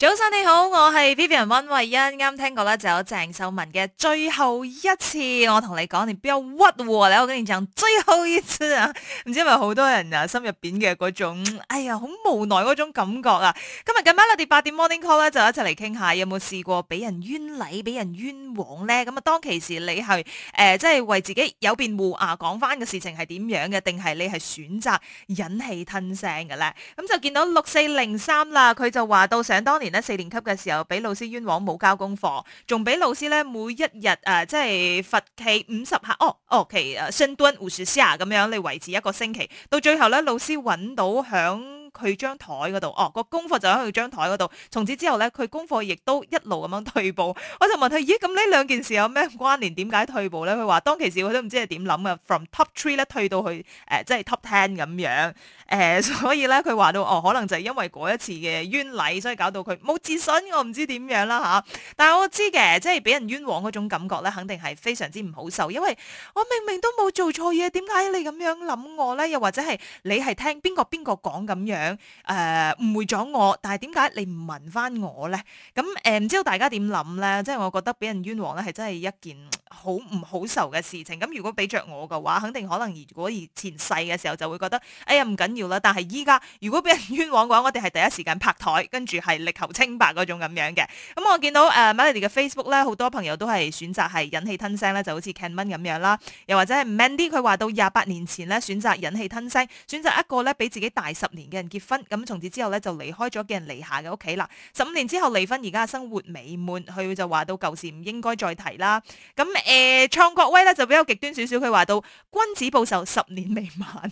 早上你好，我係 Vivian 溫慧欣，啱聽過咧就有鄭秀文嘅最後一次，我同你講你邊有屈喎，你好緊張最後一次啊，唔 知係咪好多人啊心入邊嘅嗰種哎呀好無奈嗰種感覺啊，今日嘅 Melody 八點 Morning Call 咧就一齊嚟傾下有冇試過俾人冤禮俾人冤枉咧，咁啊當其時你係誒即係為自己有辯護啊講翻嘅事情係點樣嘅，定係你係選擇忍氣吞聲嘅咧？咁就見到六四零三啦，佢就話到想當年。四年級嘅時候，俾老師冤枉冇交功課，仲俾老師咧每一日誒、啊，即係罰企五十下。哦哦，其誒，深蹲五十下啊咁樣嚟維持一個星期。到最後咧，老師揾到響，佢張台嗰度，哦個功課就喺佢張台嗰度。從此之後咧，佢功課亦都一路咁樣退步。我就問佢：咦，咁呢兩件事有咩關聯？點解退步咧？佢話當其時佢都唔知係點諗噶。From top three 咧退到去誒、呃，即係 top ten 咁樣。誒、呃，所以咧佢話到哦，可能就係因為嗰一次嘅冤禮，所以搞到佢冇自信。我唔知點樣啦吓。但係我知嘅，即係俾人冤枉嗰種感覺咧，肯定係非常之唔好受。因為我明明都冇做錯嘢，點解你咁樣諗我咧？又或者係你係聽邊個邊個講咁樣？誒、呃、誤會咗我，但係點解你唔問翻我咧？咁誒唔知道大家點諗咧？即、就、係、是、我覺得俾人冤枉咧，係真係一件好唔好受嘅事情。咁、嗯、如果俾着我嘅話，肯定可能如果以前細嘅時候就會覺得，哎呀唔緊要啦。但係依家如果俾人冤枉嘅話，我哋係第一時間拍台，跟住係力求清白嗰種咁樣嘅。咁、嗯、我見到誒 Melody 嘅 Facebook 咧，好、呃、多朋友都係選擇係忍氣吞聲咧，就好似 Kenman 咁樣啦，又或者係 Mandy 佢話到廿八年前咧，選擇忍氣吞聲，選擇一個咧，比自己大十年嘅人。結婚咁，從此之後咧就離開咗寄人籬下嘅屋企啦。十五年之後離婚，而家生活美滿。佢就話到舊事唔應該再提啦。咁誒、呃，創國威咧就比較極端少少，佢話到君子報仇，十年未晚。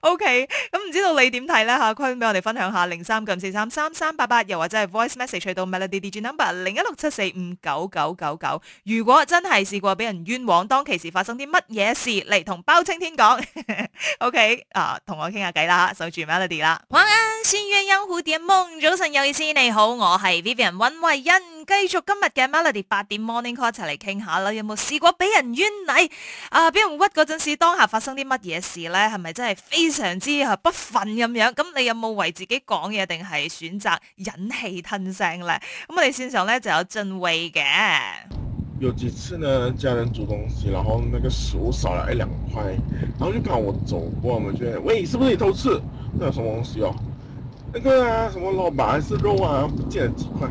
O K，咁唔知道你點睇呢？吓？快啲俾我哋分享下零三九四三三三八八，8, 又或者係 Voice Message 去到 Melody D G Number 零一六七四五九九九九。9. 如果真係試過俾人冤枉，當其時發生啲乜嘢事嚟同包青天講，O K 啊，同我傾下偈啦守住 Melody 啦。晚安，先鴛鴦蝴蝶夢，早晨有意思，你好，我係 Vivian 温慧欣。繼續今日嘅 Melody 八點 Morning Call 一齊嚟傾下啦，有冇試過俾人冤枉啊？俾人屈嗰陣時，當下發生啲乜嘢事咧？係咪真係非常之啊不忿咁樣？咁你有冇為自己講嘢，定係選擇忍氣吞聲咧？咁我哋線上咧就有進位嘅，有幾次呢，家人煮東西，然後那個食物少了一兩塊，然後就搞我走過嘛，就喂，是不是你偷吃？那有什麼東西哦、啊？那個啊，什麼老闆還是肉啊，不見了幾塊。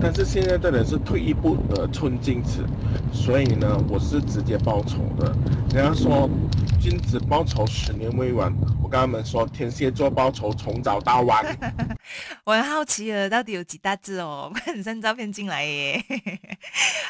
但是現在的人是退一步得寸進尺，所以呢，我是直接報仇的。人家說君子報仇十年未晚，我跟他們說天蠍座報仇從早到晚。我 好奇啊，到底有幾得字哦？人生張照片進來耶。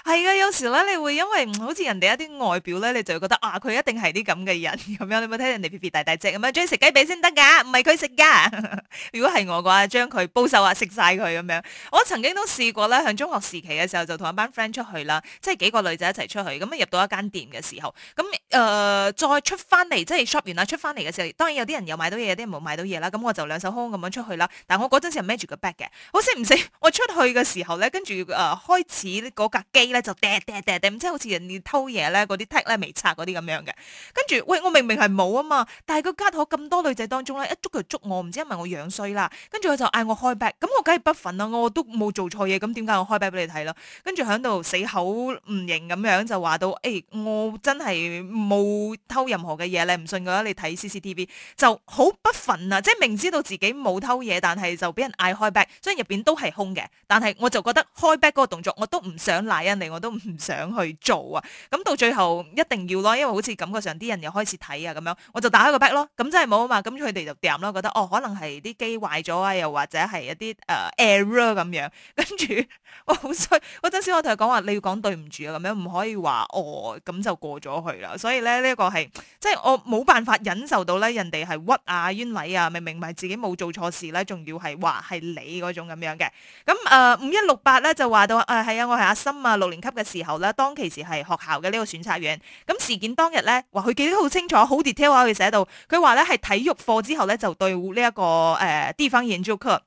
係 啊，有時咧你會因為好似人哋一啲外表咧，你就會覺得啊佢一定係啲咁嘅人咁樣。你有冇睇人哋 B B 大大隻咁啊？鍾意食雞髀先得噶，唔係佢食噶。如果係我嘅話，將佢報仇啊，食晒佢咁樣。我曾經都試。結果咧，向中學時期嘅時候就同一班 friend 出去啦，即係幾個女仔一齊出去，咁啊入到一間店嘅時候，咁誒、呃、再出翻嚟，即係 shop 完啦，出翻嚟嘅時候，當然有啲人有買到嘢，啲人冇買到嘢啦，咁我就兩手空空咁樣出去啦。但我嗰陣時係孭住個 bag 嘅，好死唔死，我出去嘅時候咧，跟住誒開始嗰架機咧就喋喋喋喋，唔知好似人哋偷嘢咧，嗰啲 tag 咧未拆嗰啲咁樣嘅，跟住喂，我明明係冇啊嘛，但係個街口咁多女仔當中咧一捉佢就捉我，唔知因為我樣衰啦？跟住佢就嗌我開 bag，咁我梗係不忿啦，我都冇做錯嘢。咁點解我開 bag 俾你睇咯？跟住喺度死口唔認咁樣就話到，誒、欸、我真係冇偷任何嘅嘢，你唔信嘅話你睇 CCTV 就好不忿啊！即係明知道自己冇偷嘢，但係就俾人嗌開 bag，雖然入邊都係空嘅。但係我就覺得開 bag 嗰個動作我都唔想賴人哋，我都唔想，想去做啊！咁到最後一定要咯，因為好似感覺上啲人又開始睇啊咁樣，我就打開個 bag 咯。咁、嗯、真係冇啊嘛，咁佢哋就掂咯，覺得哦可能係啲機壞咗啊，又或者係一啲誒、uh, error 咁樣，跟住。 我好衰，嗰陣時我同佢講話，你要講對唔住啊咁樣，唔可以話哦咁就過咗去啦。所以咧呢一、呢個係，即係我冇辦法忍受到咧人哋係屈啊冤枉啊，明明唔係自己冇做錯事咧，仲要係話係你嗰種咁樣嘅。咁誒五一六八咧就話到誒係啊，我係阿森啊，六年級嘅時候咧，當其時係學校嘅呢個選測員。咁、嗯、事件當日咧，話佢記得好清楚，好 detail 啊，佢寫到佢話咧係體育課之後咧就對呢、呢、一個誒、呃、地方研究課。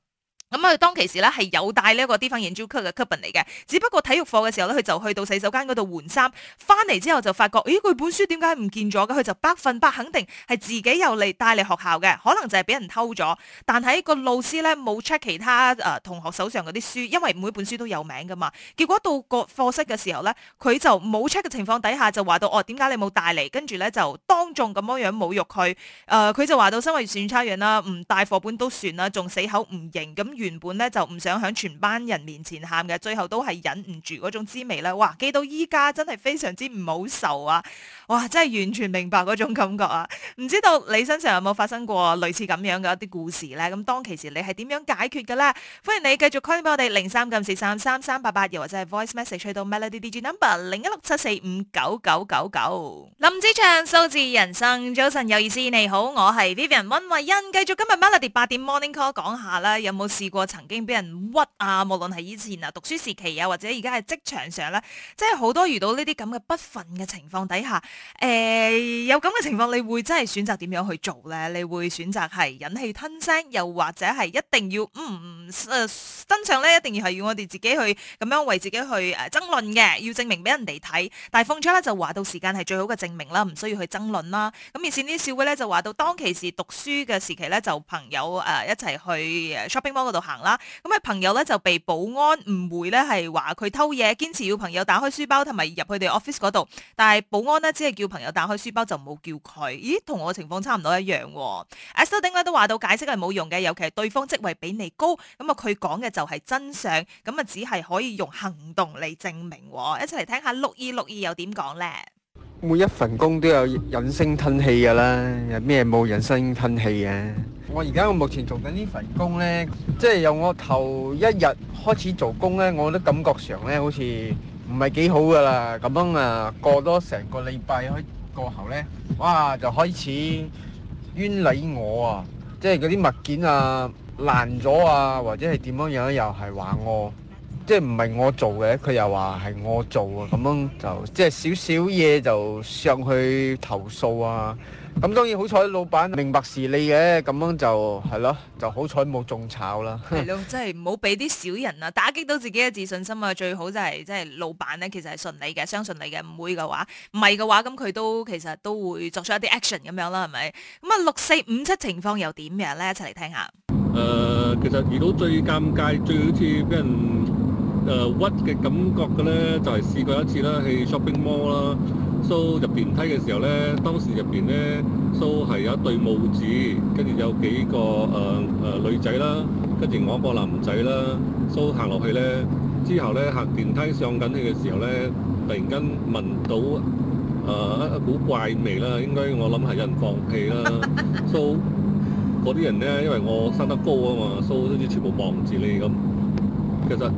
咁啊、嗯，當其時咧係有帶呢一個《滴番人珠》嘅課本嚟嘅，只不過體育課嘅時候咧，佢就去到洗手間嗰度換衫，翻嚟之後就發覺，咦，佢本書點解唔見咗嘅？佢就百分百肯定係自己又嚟帶嚟學校嘅，可能就係俾人偷咗。但係個老師咧冇 check 其他誒、呃、同學手上嗰啲書，因為每本書都有名噶嘛。結果到個課室嘅時候咧，佢就冇 check 嘅情況底下就話到，哦，點解你冇帶嚟？跟住咧就當眾咁樣樣侮辱佢。誒、呃，佢就話到身為選差員啦，唔帶課本都算啦，仲死口唔認咁。原本咧就唔想響全班人面前喊嘅，最後都係忍唔住嗰種滋味啦！哇，記到依家真係非常之唔好受啊！哇！真係完全明白嗰種感覺啊！唔知道你身上有冇發生過類似咁樣嘅一啲故事呢？咁當其時你係點樣解決嘅呢？歡迎你繼續 call 翻我哋零三九四三三三八八，又或者係 voice message 去到 Melody DJ number 零一六七四五九九九九。林子祥，數字人生，早晨有意思，你好，我係 Vivian 温慧欣，繼續今日 Melody 八點 morning call 講下啦，有冇試過曾經俾人屈啊？無論係以前啊讀書時期啊，或者而家喺職場上咧，即係好多遇到呢啲咁嘅不忿嘅情況底下。誒、哎，有咁嘅情況，你會真係選擇點樣去做咧？你會選擇係忍氣吞聲，又或者係一定要唔誒真相咧，一定要係要我哋自己去咁樣為自己去誒爭論嘅，要證明俾人哋睇。但係鳳珠咧就話到時間係最好嘅證明啦，唔需要去爭論啦。咁而前啲小會咧就話到當其時讀書嘅時期咧，就朋友誒、呃、一齊去誒 shopping mall 度行啦。咁啊，朋友咧就被保安誤會咧係話佢偷嘢，堅持要朋友打開書包同埋入佢哋 office 度。但係保安呢。只係。叫朋友打開書包就冇叫佢。咦？同我嘅情況差唔多一樣。阿修丁咧都話到解釋係冇用嘅，尤其係對方職位比你高，咁啊佢講嘅就係真相，咁啊只係可以用行動嚟證明。一齊嚟聽下，陸二陸二又點講咧？每一份工都有忍聲吞氣噶啦，有咩冇忍聲吞氣啊？我而家我目前做緊呢份工咧，即係由我頭一日開始做工咧，我都感覺上咧好似。唔係幾好噶啦，咁樣啊過多成個禮拜開過後咧，哇就開始冤枉我啊！即係嗰啲物件啊爛咗啊，或者係點樣樣又係話我，即係唔係我做嘅，佢又話係我做啊！咁樣就即係少少嘢就上去投訴啊！咁當然好彩，老闆明白事理嘅，咁樣就係咯，就好彩冇中炒啦。係 咯，即係唔好俾啲小人啊，打擊到自己嘅自信心啊！最好就係、是、即係老闆咧，其實係順利嘅，相信你嘅，唔會嘅話，唔係嘅話，咁佢都其實都會作出一啲 action 咁樣啦，係咪？咁啊，六四五七情況又點樣咧？一齊嚟聽下。誒、呃，其實遇到最尷尬，最好似俾人。誒屈嘅感覺嘅咧，就係、是、試過一次啦。去 shopping mall 啦，so 入電梯嘅時候咧，當時入邊咧，so 係有一對母子，跟住有幾個誒誒、呃呃、女仔啦，跟住我個男仔啦，so 行落去咧，之後咧，行電梯上緊去嘅時候咧，突然間聞到誒一、呃、一股怪味啦，應該我諗係有人放屁啦。so 嗰啲人咧，因為我生得高啊嘛，so 好似全部望住你咁，其實。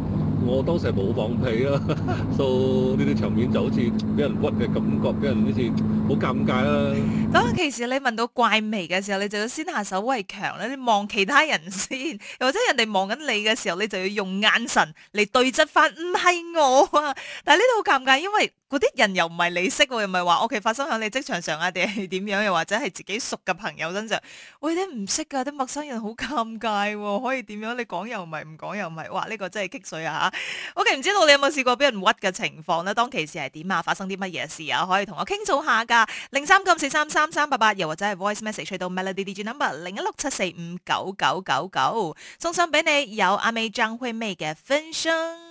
我當時係冇放屁咯、啊，就呢啲場面就好似俾人屈嘅感覺，俾人好似。好尷尬啦！當其時你聞到怪味嘅時候，你就要先下手為強啦。你望其他人先，又或者人哋望緊你嘅時候，你就要用眼神嚟對質翻唔係我啊！但係呢度好尷尬，因為嗰啲人又唔係你識喎，又唔係話我哋發生喺你職場上啊，定係點樣？又或者係自己熟嘅朋友身上，喂，你唔識㗎，啲陌生人好尷尬喎。可以點樣？你講又唔係，唔講又唔係，哇！呢、呢個真係棘水啊！嚇，OK，唔知道你有冇試過俾人屈嘅情況咧？當其時係點啊？發生啲乜嘢事啊？可以同我傾訴下㗎。零三九四三三三八八，80,、又或者係 voice message 去到 melody DJ number 零一六七四五九九九九，99 99，送信俾你有阿妹張惠妹嘅分身。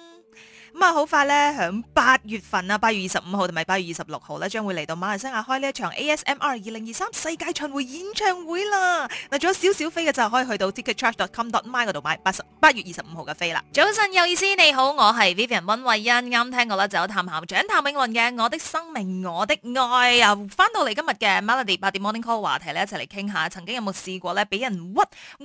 咁啊，好快咧！喺八月份啊，八月二十五號同埋八月二十六號咧，將會嚟到馬來西亞開呢一場 ASMR 二零二三世界巡迴演唱會啦！嗱，仲有少少飛嘅就可以去到 ticketcharge.com.my 嗰度買八十八月二十五號嘅飛啦。早晨有意思，你好，我係 Vivian 温慧欣。啱聽過啦，就有探校長譚詠麟嘅《我的生命我的愛》。啊。翻到嚟今日嘅 Melody 八點 Morning Call 話題呢，一齊嚟傾下，曾經有冇試過呢？俾人屈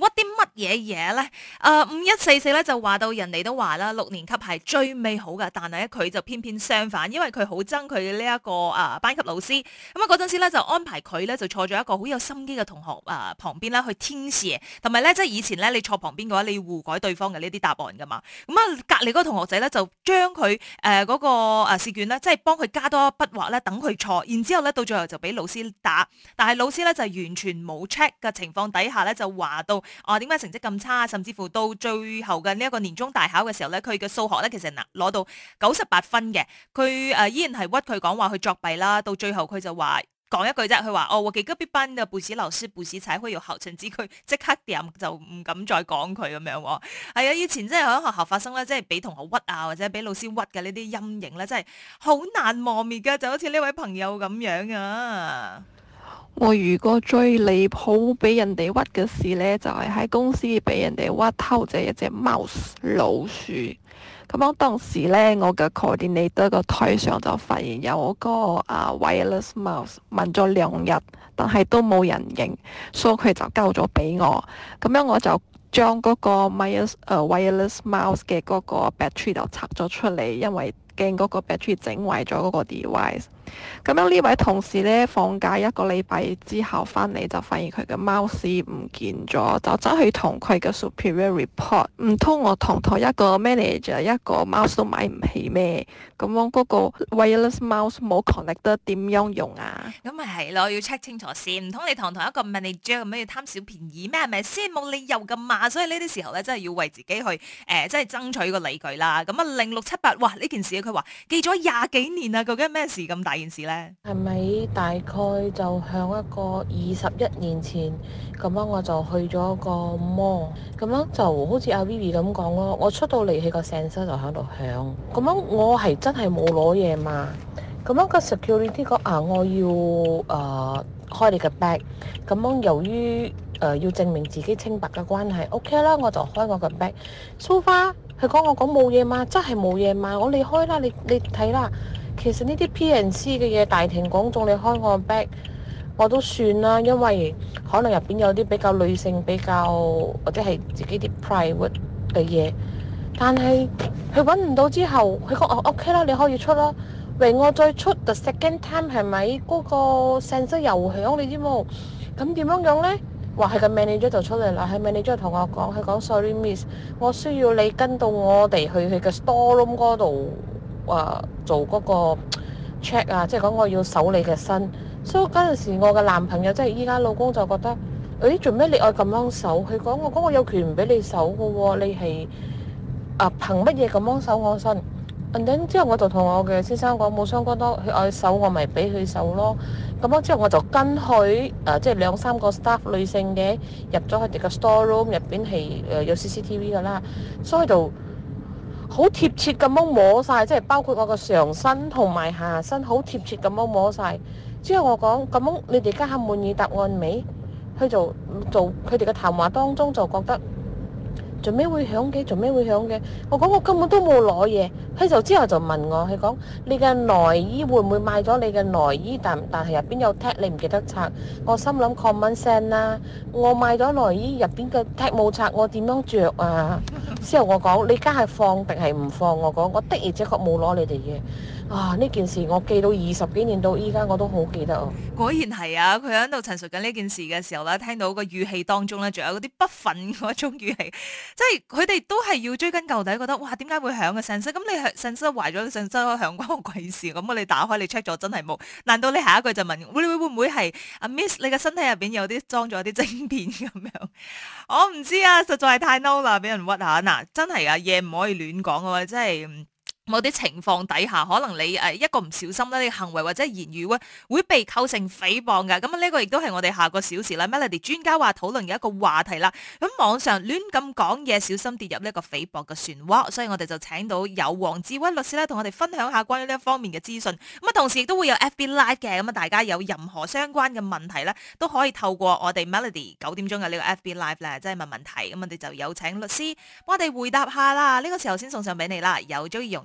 屈啲乜嘢嘢呢？誒五一四四咧就話到人哋都話啦，六年級係最美。好噶，但係咧佢就偏偏相反，因為佢好憎佢呢一個啊班級老師，咁啊嗰陣時咧就安排佢咧就坐咗一個好有心機嘅同學啊旁邊啦去天使。同埋咧即係以前咧你坐旁邊嘅話，你要互改對方嘅呢啲答案噶嘛，咁啊隔籬嗰個同學仔咧就將佢誒嗰個誒試卷咧即係幫佢加多一筆畫咧等佢錯，然之後咧到最後就俾老師打。但係老師咧就完全冇 check 嘅情況底下咧就話到啊點解成績咁差，甚至乎到最後嘅呢一個年終大考嘅時候咧，佢嘅數學咧其實嗱度九十八分嘅，佢誒、呃、依然係屈佢講話佢作弊啦，到最後佢就話講一句啫，佢話哦，我記得必班嘅背史老師背史踩開要校長之區即刻掉就唔敢再講佢咁樣喎。哦，係、哎、啊，以前真係喺學校發生啦，即係俾同學屈啊，或者俾老師屈嘅呢啲陰影咧，真係好難磨滅噶，就好似呢位朋友咁樣啊。我遇過最離譜俾人哋屈嘅事呢，就係、是、喺公司畀人哋屈偷咗一隻 mouse 老鼠。咁樣當時呢，我嘅 coordinator 個台上就發現有嗰個啊、uh, wireless mouse，問咗兩日，但係都冇人認，所以佢就交咗畀我。咁樣我就將嗰、那個 wireless 誒、uh, wireless mouse 嘅嗰個 battery 就拆咗出嚟，因為。驚嗰個 battery 整壞咗嗰個 device。咁樣呢位同事咧放假一個禮拜之後翻嚟就發現佢嘅 mouse 唔見咗，就走去同佢嘅 superior report。唔通我堂堂一個 manager 一個 mouse 都買唔起咩？咁我嗰個 wireless mouse 冇 connect 得，點樣用啊？咁咪係咯，要 check 清楚先，唔通你堂堂一個 manager 咁樣要貪小便宜咩？係咪先冇理由噶嘛？所以呢啲時候咧真係要為自己去誒、呃，真係爭取個理據啦。咁、嗯、啊零六七八，哇呢件事！佢話記咗廿幾年啦，究竟咩事咁大件事呢？係咪大概就響一個二十一年前咁樣，我就去咗個 mall，咁樣就好似阿 Vivi 咁講咯。我出到嚟，佢個 sensor 就喺度響，咁樣我係真係冇攞嘢嘛。咁樣個 security 講啊，我要誒、呃、開你個 bag。咁樣由於誒、呃、要證明自己清白嘅關係，OK 啦，我就開我個 bag。蘇花，佢講我講冇嘢嘛，真係冇嘢嘛，我你開啦，你你睇啦。其實呢啲 PNC 嘅嘢，大庭廣眾你開我個 bag，我都算啦，因為可能入邊有啲比較女性比較或者係自己啲 private 嘅嘢。但係佢揾唔到之後，佢講哦 OK 啦，你可以出啦。喂，我再出 the second time 係咪嗰個 sensor 又響你知冇？咁點樣樣咧？話係個 manager 就出嚟啦，係 manager 同我講，佢講 sorry miss，我需要你跟到我哋去佢嘅 store room 嗰度話做嗰個 check 啊，即係講我要搜你嘅身。所以嗰陣時我嘅男朋友即係依家老公就覺得，哎做咩你愛咁樣搜？佢講我講我有權唔俾你搜嘅喎，你係啊憑乜嘢咁樣搜我身？然之後我就同我嘅先生講冇相干，多佢愛手我咪俾佢手咯。咁樣之後我就跟佢，誒即係兩三個 staff 女性嘅入咗佢哋個 store room 入邊，係誒有 CCTV 㗎喇，所以就好貼切咁樣摸曬，即係包括我個上身同埋下身，好貼切咁樣摸曬。之後我講咁樣，你哋家下滿意答案未？佢就做佢哋嘅談話當中就覺得。做咩會響嘅？做咩會響嘅？我講，我根本都冇攞嘢，佢就之後就問我，佢講，你嘅內衣會唔會買咗你嘅內衣？但但係入邊有 tag，你唔記得拆。我啊」我心諗 common sense 啦，我買咗內衣入邊嘅 tag 冇拆。」我點樣着啊？之後我講，你家係放定係唔放？我講，我的而且確冇攞你哋嘢。啊！呢件事我記到二十幾年到依家，我都好記得。果然係啊，佢喺度陳述緊呢件事嘅時候咧，聽到個語氣當中咧，仲有嗰啲不忿嗰種語氣，即係佢哋都係要追根究底，覺得哇，點解會響嘅？神社？咁你神社壞咗，神社，響關我鬼事？咁你打開你 check 咗，真係冇。難道你下一句就問會會唔會係阿 Miss？你嘅身體入邊有啲裝咗啲晶片咁樣？我唔知啊，實在係太嬲啦，俾人屈下嗱，真係啊嘢唔可以亂講嘅喎，真係。某啲情況底下，可能你誒一個唔小心咧，你行為或者言語屈會被構成誹謗嘅。咁啊，呢個亦都係我哋下個小時咧 Melody 專家話討論嘅一個話題啦。咁網上亂咁講嘢，小心跌入呢一個誹謗嘅漩渦。所以我哋就請到有黃志威律師咧，同我哋分享下關於呢一方面嘅資訊。咁啊，同時亦都會有 FB Live 嘅。咁啊，大家有任何相關嘅問題咧，都可以透過我哋 Melody 九點鐘嘅呢個 FB Live 咧，即係問問題。咁我哋就有請律師幫我哋回答下啦。呢個時候先送上俾你啦。有中意用。